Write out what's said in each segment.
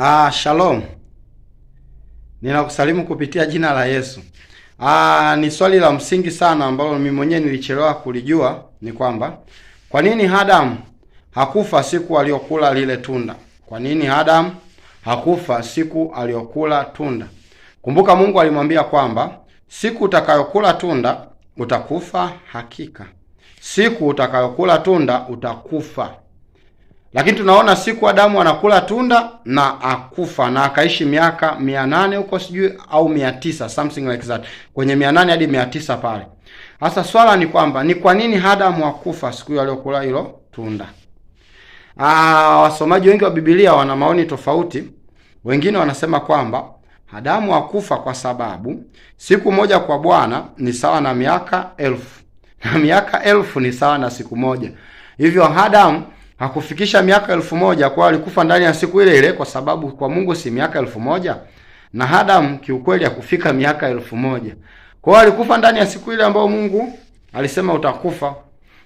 Ah, shalom. Ninakusalimu kupitia jina la Yesu. Ah, ni swali la msingi sana ambalo mimi mwenyewe nilichelewa kulijua ni kwamba kwa nini Adamu hakufa siku aliyokula lile tunda? Kwa nini Adamu hakufa siku aliyokula tunda? Kumbuka Mungu alimwambia kwamba siku utakayokula tunda utakufa hakika. Siku utakayokula tunda utakufa. Lakini tunaona siku Adamu anakula tunda na akufa na akaishi miaka mia nane huko sijui au mia tisa something like that, kwenye mia nane hadi mia tisa pale. Sasa swala ni kwamba ni kwa nini Adamu akufa siku hiyo aliyokula hilo tunda? Aa, ah, wasomaji wengi wa Biblia wana maoni tofauti. Wengine wanasema kwamba Adamu akufa kwa sababu siku moja kwa Bwana ni sawa na miaka elfu na miaka elfu ni sawa na siku moja, hivyo Adamu hakufikisha miaka elfu moja kwa alikufa ndani ya siku ile ile, kwa sababu kwa Mungu si miaka elfu moja na Adamu kiukweli hakufika miaka elfu moja kwa hiyo alikufa ndani ya siku ile ambayo Mungu alisema utakufa.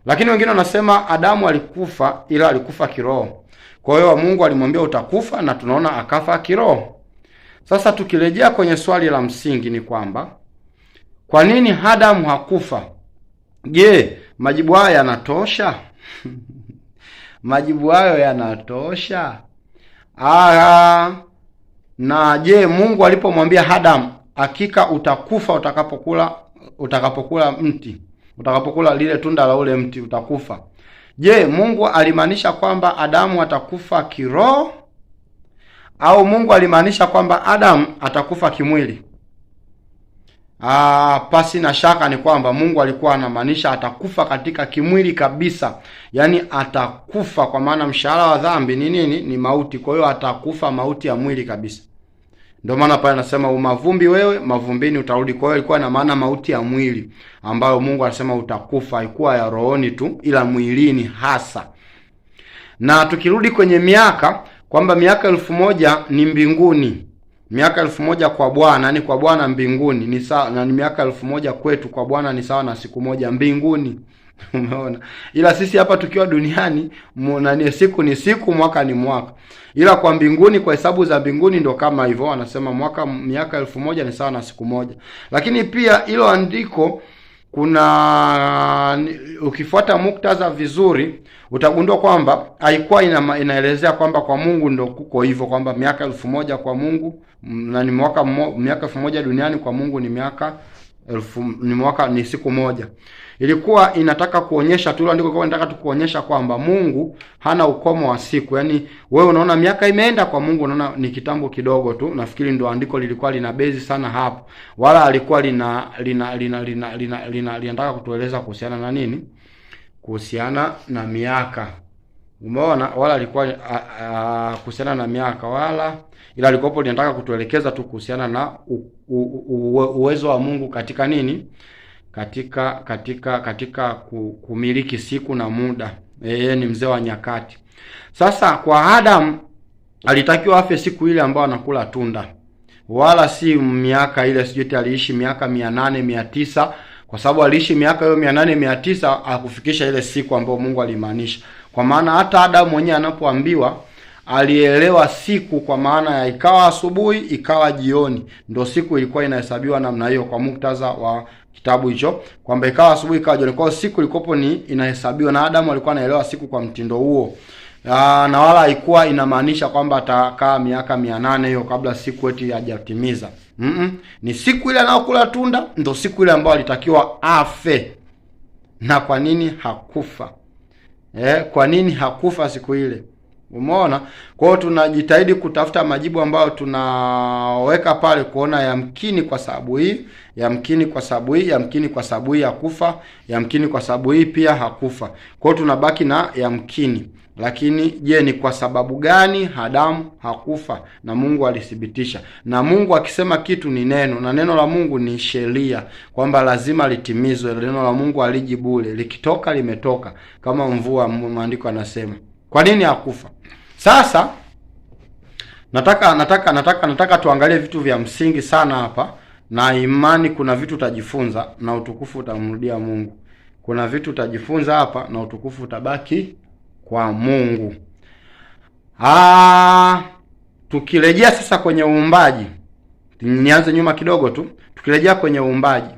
Lakini wengine wanasema Adamu alikufa ila alikufa kiroho. Kwa hiyo Mungu alimwambia utakufa, na tunaona akafa kiroho. Sasa tukirejea kwenye swali la msingi, ni kwamba kwa nini Adamu hakufa? Je, majibu haya yanatosha? Majibu hayo yanatosha? Aha. Na je, Mungu alipomwambia Adam, hakika utakufa utakapokula utakapokula mti utakapokula lile tunda la ule mti utakufa. Je, Mungu alimaanisha kwamba Adamu atakufa kiroho au Mungu alimaanisha kwamba Adamu atakufa kimwili? Aa, ah, pasi na shaka ni kwamba Mungu alikuwa anamaanisha atakufa katika kimwili kabisa, yaani atakufa, kwa maana mshahara wa dhambi ni nini? Ni mauti. Kwa hiyo atakufa mauti ya mwili kabisa. Ndio maana pale anasema umavumbi wewe, mavumbini utarudi. Kwa hiyo ilikuwa na maana mauti ya mwili ambayo Mungu anasema utakufa, haikuwa ya rohoni tu, ila mwilini hasa. Na tukirudi kwenye miaka kwamba miaka elfu moja ni mbinguni miaka elfu moja kwa Bwana ni kwa Bwana mbinguni ni sawa na miaka elfu moja kwetu kwa Bwana ni sawa na siku moja mbinguni. Umeona, ila sisi hapa tukiwa duniani muna, siku ni siku, mwaka ni mwaka, ila kwa mbinguni, kwa hesabu za mbinguni ndo kama hivyo. Wanasema mwaka miaka elfu moja ni sawa na siku moja, lakini pia hilo andiko kuna ukifuata muktadha vizuri utagundua kwamba haikuwa ina, inaelezea kwamba kwa Mungu ndo kuko hivyo kwamba miaka elfu moja kwa Mungu na ni mwaka miaka elfu moja duniani kwa Mungu ni miaka elfu ni mwaka ni siku moja. Ilikuwa inataka kuonyesha tu, andiko kwa inataka tukuonyesha kwamba Mungu hana ukomo wa siku. Yaani wewe unaona miaka imeenda, kwa Mungu unaona ni kitambo kidogo tu. Nafikiri ndio andiko lilikuwa lina bezi sana hapo, wala alikuwa lina lina lina lina linataka kutueleza kuhusiana na nini, kuhusiana na miaka Umeona, wala alikuwa kuhusiana na miaka wala, ila alikopo linataka kutuelekeza tu kuhusiana na u, u, u, uwezo wa Mungu katika nini, katika katika katika kumiliki siku na muda. Yeye ni mzee wa nyakati. Sasa kwa Adam alitakiwa afe siku ile ambayo anakula tunda, wala si miaka ile. Sijui aliishi miaka mia nane mia tisa kwa sababu aliishi miaka hiyo mia nane mia tisa akufikisha ile siku ambayo Mungu alimaanisha. Kwa maana hata Adamu mwenyewe anapoambiwa alielewa siku, kwa maana ya ikawa asubuhi ikawa jioni, ndio siku ilikuwa inahesabiwa namna hiyo, kwa muktadha wa kitabu hicho kwamba ikawa asubuhi ikawa jioni. Kwa hiyo siku ilikopo ni inahesabiwa, na Adamu alikuwa anaelewa siku kwa mtindo huo. Aa, ah, na wala haikuwa inamaanisha kwamba atakaa miaka mia nane hiyo kabla siku eti hajatimiza. Mm, mm ni siku ile anayokula tunda ndo siku ile ambayo alitakiwa afe. Na kwa nini hakufa? Eh, kwa nini hakufa siku ile? Umeona? Kwa hiyo tunajitahidi kutafuta majibu ambayo tunaweka pale kuona yamkini kwa sababu hii, yamkini kwa sababu hii, yamkini kwa sababu hii hakufa, yamkini kwa sababu hii pia hakufa. Kwa hiyo tunabaki na yamkini. Lakini je, ni kwa sababu gani Adamu hakufa? Na Mungu alithibitisha, na Mungu akisema kitu ni neno, na neno la Mungu ni sheria, kwamba lazima litimizwe. Neno la Mungu aliji bure, likitoka limetoka kama mvua, maandiko anasema. Kwa nini hakufa? Sasa nataka nataka nataka nataka tuangalie vitu vya msingi sana hapa, na imani, kuna vitu utajifunza na utukufu utamrudia Mungu. Kuna vitu utajifunza hapa na utukufu utabaki kwa Mungu. Aa, tukirejea sasa kwenye uumbaji, nianze nyuma kidogo tu. Tukirejea kwenye uumbaji,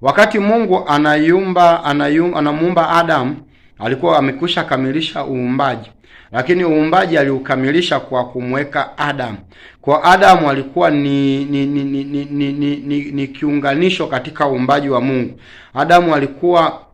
wakati Mungu anayumba, anayumba anamuumba Adamu alikuwa amekwisha kamilisha uumbaji, lakini uumbaji aliukamilisha kwa kumweka Adamu. Kwa Adamu alikuwa ni ni ni, ni, ni, ni, ni, ni kiunganisho katika uumbaji wa Mungu. Adamu alikuwa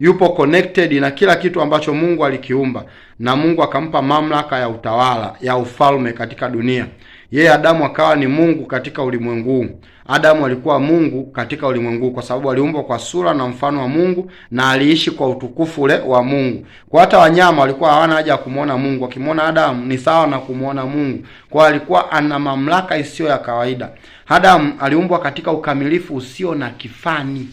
yupo connected na kila kitu ambacho Mungu alikiumba, na Mungu akampa mamlaka ya utawala ya ufalme katika dunia. Yeye Adamu akawa ni Mungu katika ulimwengu Adamu alikuwa Mungu katika ulimwengu kwa sababu aliumbwa kwa sura na mfano wa Mungu na aliishi kwa utukufu ule wa Mungu. Kwa hata wanyama walikuwa hawana haja ya kumuona Mungu, wakimuona Adamu ni sawa na kumuona Mungu. Kwa alikuwa ana mamlaka isiyo ya kawaida. Adamu aliumbwa katika ukamilifu usio na kifani.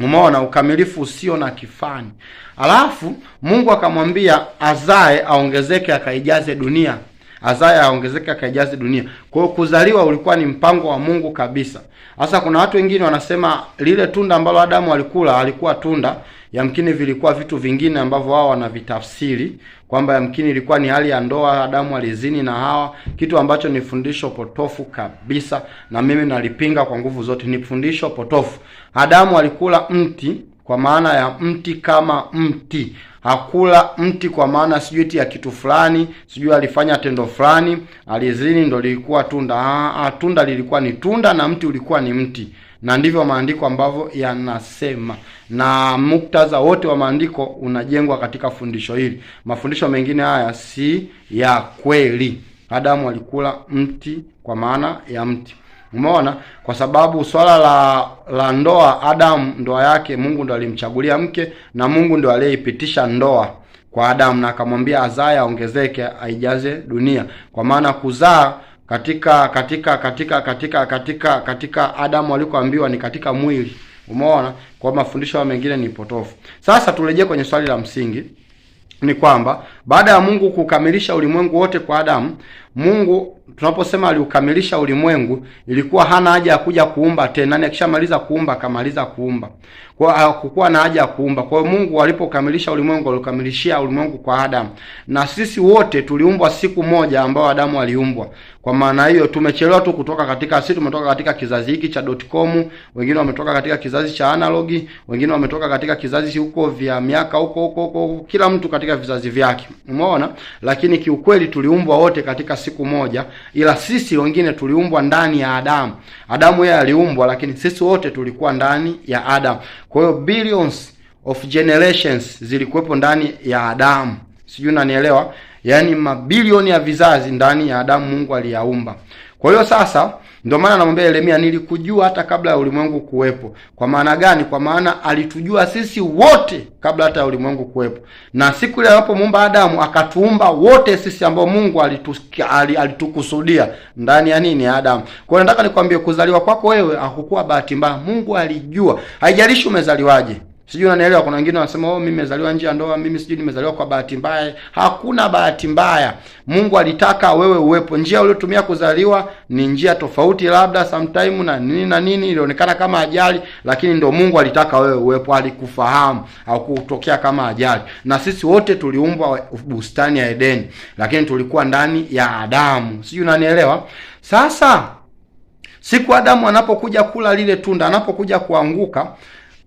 Umeona ukamilifu usio na kifani. Alafu Mungu akamwambia azae aongezeke akaijaze dunia. Azaya yaongezeka kaijazi dunia. Kwa hiyo kuzaliwa ulikuwa ni mpango wa Mungu kabisa. Sasa kuna watu wengine wanasema lile tunda ambalo Adamu alikula alikuwa tunda, yamkini vilikuwa vitu vingine ambavyo wao wanavitafsiri kwamba yamkini ilikuwa ni hali ya ndoa, Adamu alizini na Hawa, kitu ambacho ni fundisho potofu kabisa, na mimi nalipinga kwa nguvu zote. Ni fundisho potofu. Adamu alikula mti kwa maana ya mti kama mti hakula mti kwa maana sijui eti ya kitu fulani, sijui alifanya tendo fulani, alizini ndo lilikuwa tunda. Aa, ah, ah, tunda lilikuwa ni tunda na mti ulikuwa ni mti, na ndivyo maandiko ambavyo yanasema, na muktadha wote wa maandiko unajengwa katika fundisho hili. Mafundisho mengine haya si ya kweli. Adamu alikula mti kwa maana ya mti. Umeona, kwa sababu swala la la ndoa, Adamu ndoa yake Mungu ndo alimchagulia mke na Mungu ndo aliyeipitisha ndoa kwa Adamu na akamwambia azae, aongezeke, aijaze dunia, kwa maana kuzaa katika katika katika katika katika katika Adamu alikoambiwa ni katika mwili. Umeona, kwa mafundisho mengine ni potofu. Sasa turejee kwenye swali la msingi, ni kwamba baada ya Mungu kukamilisha ulimwengu wote kwa Adamu, Mungu tunaposema aliukamilisha ulimwengu, ilikuwa hana haja ya kuja kuumba tena, yani akishamaliza kuumba akamaliza kuumba. Kwa hakukuwa na haja ya kuumba. Kwa hiyo Mungu alipokamilisha ulimwengu, alikamilishia ulimwengu kwa Adamu. Na sisi wote tuliumbwa siku moja ambayo Adamu aliumbwa. Kwa maana hiyo tumechelewa tu kutoka katika sisi, tumetoka katika kizazi hiki cha dotcom, wengine wametoka katika kizazi cha analogi, wengine wametoka katika kizazi huko vya miaka huko huko, kila mtu katika vizazi vyake. Umeona? Lakini kiukweli tuliumbwa wote katika siku moja, ila sisi wengine tuliumbwa ndani ya Adamu. Adamu yeye aliumbwa, lakini sisi wote tulikuwa ndani ya Adamu. Kwa hiyo billions of generations zilikuwepo ndani ya Adamu. Sijui unanielewa? Yaani mabilioni ya vizazi ndani ya Adamu Mungu aliyaumba. Kwa hiyo sasa ndio maana namwambia Yeremia, nilikujua hata kabla ya ulimwengu kuwepo. Kwa maana gani? Kwa maana alitujua sisi wote kabla hata ya ulimwengu kuwepo, na siku ile alipomuumba Adamu akatuumba wote sisi ambao Mungu alitukusudia ndani ya nini Adamu. Kwa hiyo nataka nikwambie, kuzaliwa kwako wewe hakukuwa bahati mbaya. Mungu alijua, haijalishi umezaliwaje. Sijui unanielewa. Kuna wengine wanasema oh, mimi nimezaliwa nje ya ndoa, mimi sijui nimezaliwa kwa bahati mbaya. Hakuna bahati mbaya, Mungu alitaka wewe uwepo. Njia uliotumia kuzaliwa ni njia tofauti, labda sometime na nini na nini, ilionekana kama ajali, lakini ndio Mungu alitaka wewe uwepo, alikufahamu au kutokea kama ajali. Na sisi wote tuliumbwa bustani ya Edeni, lakini tulikuwa ndani ya Adamu. Sijui unanielewa. Sasa siku Adamu anapokuja kula lile tunda, anapokuja kuanguka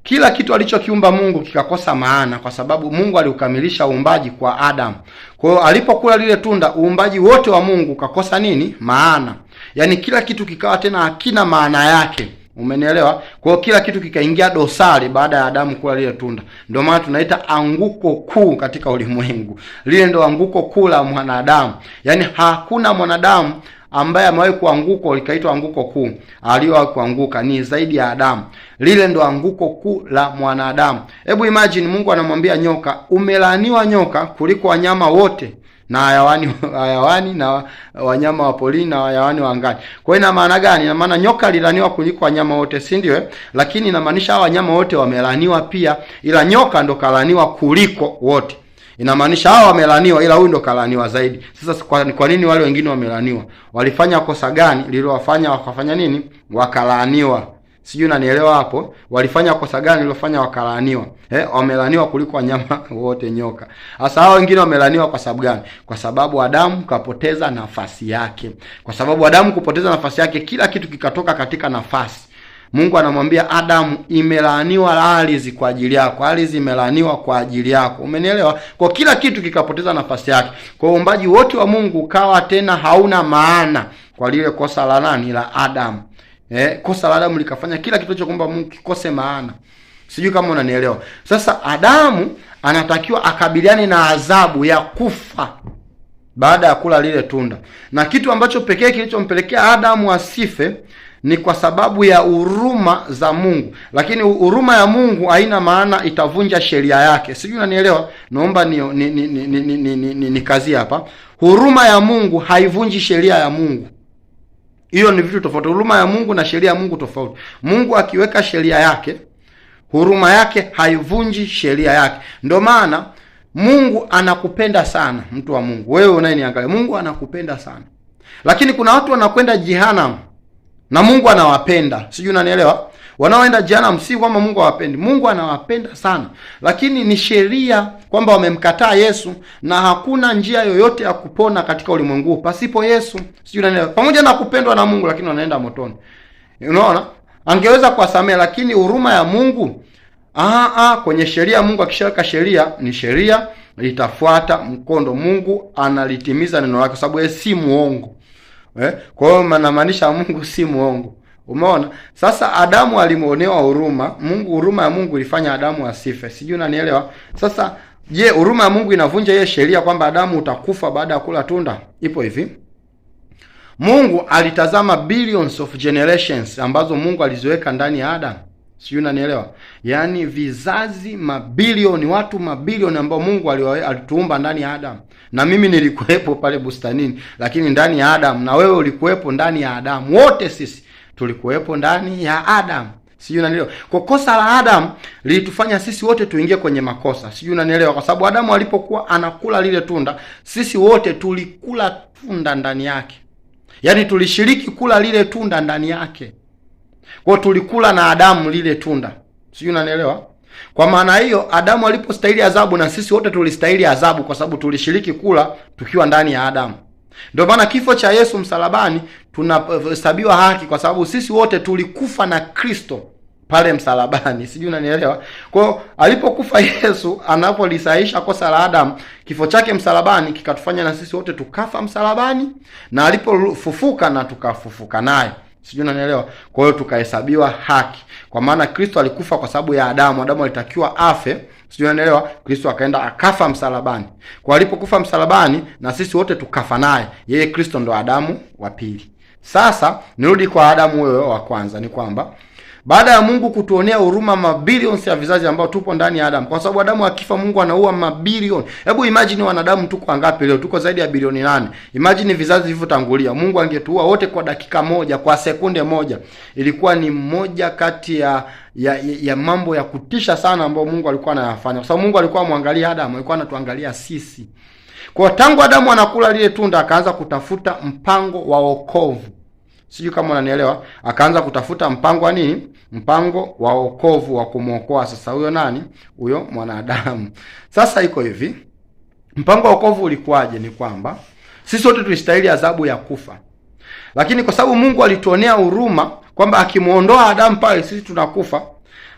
kila kitu alichokiumba Mungu kikakosa maana, kwa sababu Mungu aliukamilisha uumbaji kwa Adamu. Kwa hiyo alipokula lile tunda, uumbaji wote wa Mungu ukakosa nini? Maana, yaani kila kitu kikawa tena hakina maana yake. Umenielewa? Kwa hiyo kila kitu kikaingia dosari baada ya Adamu kula lile tunda. Ndio maana tunaita anguko kuu katika ulimwengu. Lile ndo anguko kuu la mwanadamu, yaani hakuna mwanadamu ambaye amewahi kuanguko likaitwa anguko kuu, aliyowahi kuanguka ni zaidi ya Adamu. Lile ndo anguko kuu la mwanadamu. Hebu imagine, Mungu anamwambia nyoka, umelaaniwa nyoka kuliko wanyama wote na hayawani hayawani na wanyama wa polini na hayawani wa angani. Kwa hiyo ina maana gani? Ina maana nyoka lilaniwa kuliko wanyama wote, si ndio? Eh? lakini inamaanisha hawa wanyama wote wamelaniwa pia, ila nyoka ndo kalaniwa kuliko wote. Inamaanisha hawa wamelaniwa, ila huyu ndo kalaniwa zaidi. Sasa kwa, kwa nini wale wengine wamelaniwa? Walifanya kosa gani lililowafanya wakafanya nini? Wakalaaniwa. Sijui nanielewa hapo? Walifanya kosa gani lilofanya wakalaaniwa? Eh, wamelaniwa kuliko wanyama wote nyoka. hasa hao wengine wamelaniwa kwa sababu gani? Kwa sababu Adamu kapoteza nafasi yake. Kwa sababu Adamu kupoteza nafasi yake, kila kitu kikatoka katika nafasi Mungu anamwambia Adamu, imelaaniwa ardhi kwa ajili yako, ardhi imelaaniwa kwa ajili yako. Umenielewa? Kwa kila kitu kikapoteza nafasi yake, kwa uumbaji wote wa Mungu ukawa tena hauna maana kwa lile kosa la nani? La Adamu. Eh, kosa la Adamu likafanya kila kitu cha chokuumba Mungu kikose maana. Sijui kama unanielewa. Sasa Adamu anatakiwa akabiliane na adhabu ya kufa baada ya kula lile tunda, na kitu ambacho pekee kilichompelekea Adamu asife ni kwa sababu ya huruma za Mungu, lakini huruma ya Mungu haina maana itavunja sheria yake. Sijui unanielewa? Naomba ni ni ni ni, ni, ni, ni, ni, kazi hapa. Huruma ya Mungu haivunji sheria ya Mungu. Hiyo ni vitu tofauti. Huruma ya Mungu na sheria ya Mungu tofauti. Mungu akiweka sheria yake, huruma yake haivunji sheria yake. Ndio maana Mungu anakupenda sana, mtu wa Mungu. Wewe unayeniangalia, Mungu anakupenda sana, lakini kuna watu wanakwenda jehanamu na Mungu anawapenda, sijui unanielewa. Wanaoenda jehanamu si kwamba Mungu awapendi, Mungu anawapenda sana, lakini ni sheria kwamba wamemkataa Yesu na hakuna njia yoyote ya kupona katika ulimwengu pasipo Yesu, sijui unanielewa. Pamoja na kupendwa na Mungu, lakini wanaenda motoni. Unaona, angeweza kuwasamehe, lakini huruma ya Mungu Aa, aa, kwenye sheria Mungu akishaweka sheria ni sheria, litafuata mkondo. Mungu analitimiza neno lake kwa sababu yeye si muongo. Eh? Kwa hiyo manamaanisha Mungu si muongo. Umeona? Sasa Adamu alimuonewa huruma. Mungu, huruma ya Mungu ilifanya Adamu asife. Sijui unanielewa? Sasa je, huruma ya Mungu inavunja hiyo sheria kwamba Adamu utakufa baada ya kula tunda? Ipo hivi. Mungu alitazama billions of generations ambazo Mungu aliziweka ndani ya Adamu. Sijui unanielewa? Yaani vizazi mabilioni, watu mabilioni ambao Mungu alituumba ndani ya Adamu, na mimi nilikuwepo pale bustanini, lakini ndani ya Adamu, na wewe ulikuwepo ndani ya Adamu, wote sisi tulikuwepo ndani ya Adamu. Sijui unanielewa? Kwa kosa la Adamu lilitufanya sisi wote tuingie kwenye makosa. Sijui unanielewa? Kwa sababu Adamu alipokuwa anakula lile tunda, sisi wote tulikula tunda ndani yake, yaani tulishiriki kula lile tunda ndani yake. Kwa tulikula na Adamu lile tunda, sijui unanielewa. Kwa maana hiyo Adamu alipostahili adhabu, na sisi wote tulistahili adhabu, kwa sababu tulishiriki kula tukiwa ndani ya Adamu. Ndio maana kifo cha Yesu msalabani tunahesabiwa haki, kwa sababu sisi wote tulikufa na Kristo pale msalabani, sijui unanielewa. Kwa hiyo alipokufa Yesu, anapolisaisha kosa la Adamu, kifo chake msalabani kikatufanya na sisi wote tukafa msalabani, na alipofufuka na tukafufuka naye. Sijui unanielewa? Kwa hiyo tukahesabiwa haki, kwa maana Kristo alikufa kwa sababu ya Adamu. Adamu alitakiwa afe, sijui unanielewa? Kristo akaenda akafa msalabani. Kwa alipokufa msalabani, na sisi wote tukafa naye. Yeye Kristo ndo Adamu wa pili. Sasa nirudi kwa Adamu huyo wa kwanza, ni kwamba baada ya Mungu kutuonea huruma mabilioni ya vizazi ambao tupo ndani ya Adamu, kwa sababu Adamu akifa Mungu anaua mabilioni. Hebu imagine wanadamu tuko angapi leo? Tuko zaidi ya bilioni nane. Imagine vizazi vilivyotangulia. Mungu angetuua wote kwa dakika moja, kwa sekunde moja. Ilikuwa ni moja kati ya ya, ya mambo ya kutisha sana ambayo Mungu alikuwa anayafanya, kwa sababu Mungu alikuwa amwangalia Adamu, alikuwa anatuangalia sisi. Kwa tangu Adamu anakula lile tunda, akaanza kutafuta mpango wa wokovu. Sijui kama unanielewa. Akaanza kutafuta mpango wa nini? Mpango wa wokovu wa kumwokoa sasa huyo nani? Huyo mwanadamu. Sasa iko hivi. Mpango wa wokovu ulikuwaje? Ni kwamba sisi wote tulistahili adhabu ya kufa. Lakini kwa sababu Mungu alituonea huruma kwamba akimuondoa Adamu pale sisi tunakufa.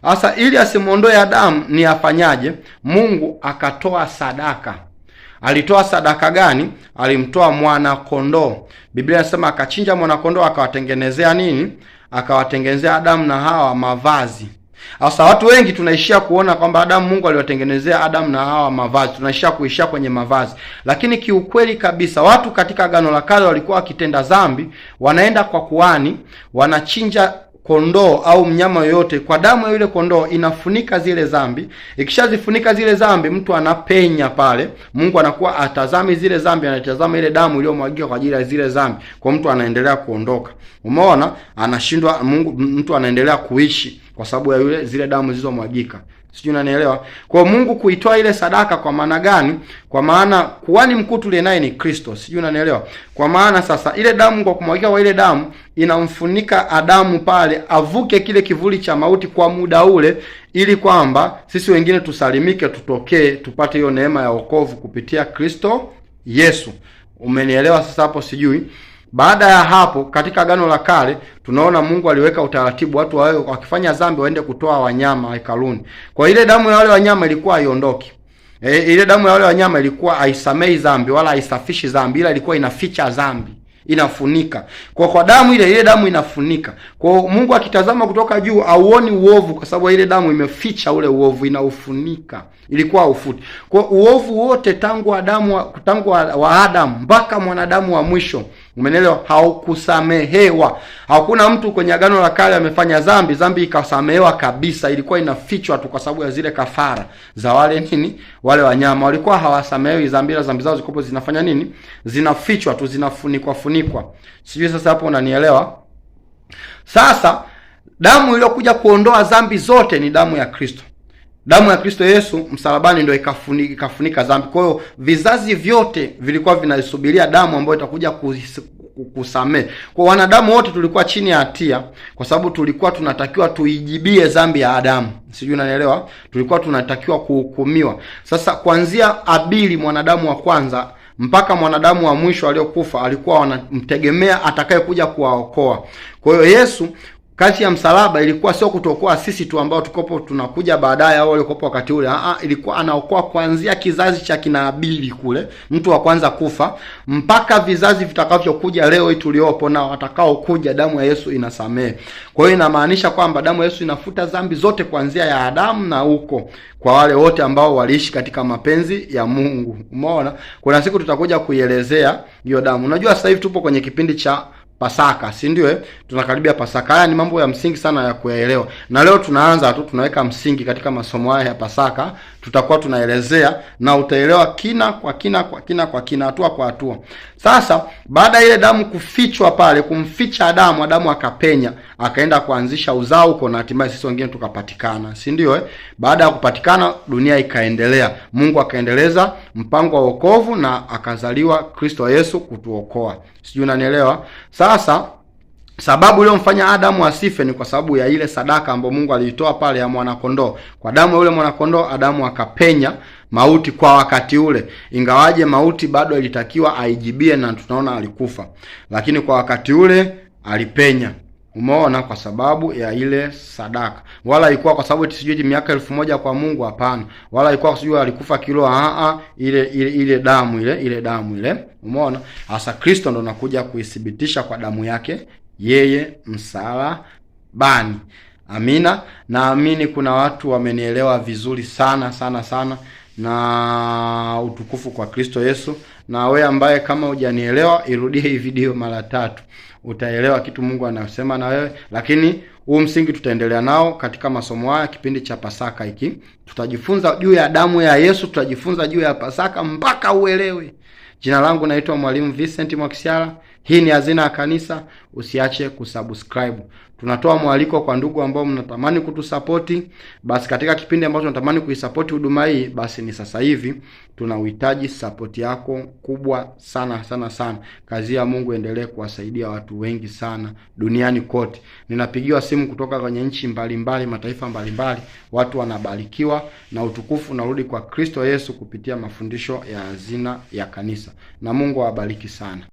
Sasa ili asimuondoe Adamu ni afanyaje? Mungu akatoa sadaka. Alitoa sadaka gani? Alimtoa mwana kondoo. Biblia inasema akachinja mwana kondoo, akawatengenezea nini? Akawatengenezea Adamu na Hawa mavazi. Sasa watu wengi tunaishia kuona kwamba Adamu, Mungu aliwatengenezea Adamu na Hawa mavazi, tunaishia kuishia kwenye mavazi, lakini kiukweli kabisa watu katika Agano la Kale walikuwa wakitenda dhambi, wanaenda kwa kuhani, wanachinja kondoo au mnyama yoyote kwa damu ya yule kondoo inafunika zile zambi. Ikishazifunika zile zambi, mtu anapenya pale, Mungu anakuwa atazami zile zambi, anatazama ile damu iliyomwagika kwa ajili ya zile zambi, kwa mtu anaendelea kuondoka. Umeona, anashindwa Mungu, mtu anaendelea kuishi kwa sababu ya yule zile damu zilizomwagika. Sijui unanielewa? Kwa Mungu kuitoa ile sadaka kwa maana gani? Kwa maana kuhani mkuu tuliye naye ni Kristo. Sijui unanielewa? Kwa maana sasa ile damu kwa kumwagika kwa ile damu inamfunika Adamu pale avuke kile kivuli cha mauti kwa muda ule ili kwamba sisi wengine tusalimike, tutokee, tupate hiyo neema ya wokovu kupitia Kristo Yesu. Umenielewa sasa hapo sijui? Baada ya hapo katika Agano la Kale tunaona Mungu aliweka utaratibu watu wawe wakifanya dhambi waende kutoa wanyama hekaluni. Kwa ile damu ya wale wanyama ilikuwa haiondoki. E, ile damu ya wale wanyama ilikuwa haisamei dhambi wala haisafishi dhambi, ila ilikuwa inaficha dhambi, inafunika. Kwa kwa damu ile ile damu inafunika. Kwa Mungu akitazama kutoka juu auoni uovu kwa sababu ile damu imeficha ule uovu, inaufunika. Ilikuwa ufuti. Kwa uovu wote tangu Adamu tangu wa Adamu mpaka mwanadamu wa mwisho Umenelewa? Haukusamehewa. Hakuna mtu kwenye Agano la Kale amefanya dhambi, dhambi ikasamehewa kabisa. Ilikuwa inafichwa tu kwa sababu ya zile kafara za wale nini, wale wanyama walikuwa hawasamehewi dhambi, zambi dhambi zao zikopo zinafanya nini, zinafichwa tu, zinafunikwa funikwa. Sijui sasa hapo unanielewa? Sasa damu iliyokuja kuondoa zambi zote ni damu ya Kristo. Damu ya Kristo Yesu msalabani ndio ikafunika, ikafunika dhambi. Kwa hiyo vizazi vyote vilikuwa vinaisubiria damu ambayo itakuja kusamehe. Kwa wanadamu wote tulikuwa chini ya hatia, kwa sababu tulikuwa tunatakiwa tuijibie dhambi ya Adamu. Sijui unanielewa? Tulikuwa tunatakiwa kuhukumiwa. Sasa kuanzia Abili mwanadamu wa kwanza mpaka mwanadamu wa mwisho aliyokufa alikuwa wanamtegemea atakayekuja kuwaokoa. Kwa hiyo Yesu kazi ya msalaba ilikuwa sio kutokoa sisi tu ambao tukopo tunakuja baadaye au walikopo wakati ule. Aa, ilikuwa anaokoa kuanzia kizazi cha kina abili kule, mtu wa kwanza kufa mpaka vizazi vitakavyokuja leo hii tuliopo na watakao kuja. Damu ya Yesu inasamehe. Kwa hiyo inamaanisha kwamba damu ya Yesu inafuta dhambi zote kuanzia ya Adamu na huko kwa wale wote ambao waliishi katika mapenzi ya Mungu. Umeona, kuna siku tutakuja kuielezea hiyo damu. Unajua sasa hivi tupo kwenye kipindi cha Pasaka, si ndio eh? Tunakaribia Pasaka. Haya ni mambo ya msingi sana ya kuyaelewa, na leo tunaanza tu, tunaweka msingi katika masomo haya ya Pasaka. Tutakuwa tunaelezea na utaelewa kina kwa kina kwa kina kwa kina, hatua kwa hatua. Sasa baada ya ile damu kufichwa pale, kumficha Adamu, Adamu akapenya akaenda kuanzisha uzao huko, na hatimaye sisi wengine tukapatikana, si ndio eh? Baada ya kupatikana, dunia ikaendelea, Mungu akaendeleza mpango wa wokovu na akazaliwa Kristo Yesu kutuokoa, sijui unanielewa? Sasa sababu iliyomfanya Adamu asife ni kwa sababu ya ile sadaka ambayo Mungu aliitoa pale ya mwanakondoo. Kwa damu ya yule mwanakondoo Adamu akapenya mauti kwa wakati ule, ingawaje mauti bado ilitakiwa aijibie, na tunaona alikufa, lakini kwa wakati ule alipenya. Umeona, kwa sababu ya ile sadaka. Wala ilikuwa kwa sababu sijui miaka elfu moja kwa Mungu, hapana. Wala ilikuwa sijui alikufa kilo kiroho, ah, ah, ile ile ile damu ile ile damu ile. Umeona, hasa Kristo ndo nakuja kuithibitisha kwa damu yake yeye msalabani. Amina, naamini kuna watu wamenielewa vizuri sana sana sana na utukufu kwa Kristo Yesu. Na we ambaye kama hujanielewa, irudie hii video mara tatu, utaelewa kitu Mungu anasema na wewe. Lakini huu msingi tutaendelea nao katika masomo haya, kipindi cha Pasaka hiki tutajifunza juu ya damu ya Yesu, tutajifunza juu ya Pasaka mpaka uelewe. Jina langu naitwa Mwalimu Vincent Mwakisyala. Hii ni Hazina ya Kanisa. Usiache kusubscribe tunatoa mwaliko kwa ndugu ambao mnatamani kutusapoti. Basi katika kipindi ambacho natamani kuisapoti huduma hii, basi ni sasa hivi. Tunauhitaji sapoti yako kubwa sana sana sana. Kazi ya Mungu endelee kuwasaidia watu wengi sana duniani kote. Ninapigiwa simu kutoka kwenye nchi mbalimbali, mataifa mbalimbali, watu wanabarikiwa na utukufu unarudi kwa Kristo Yesu kupitia mafundisho ya hazina ya kanisa, na Mungu awabariki sana.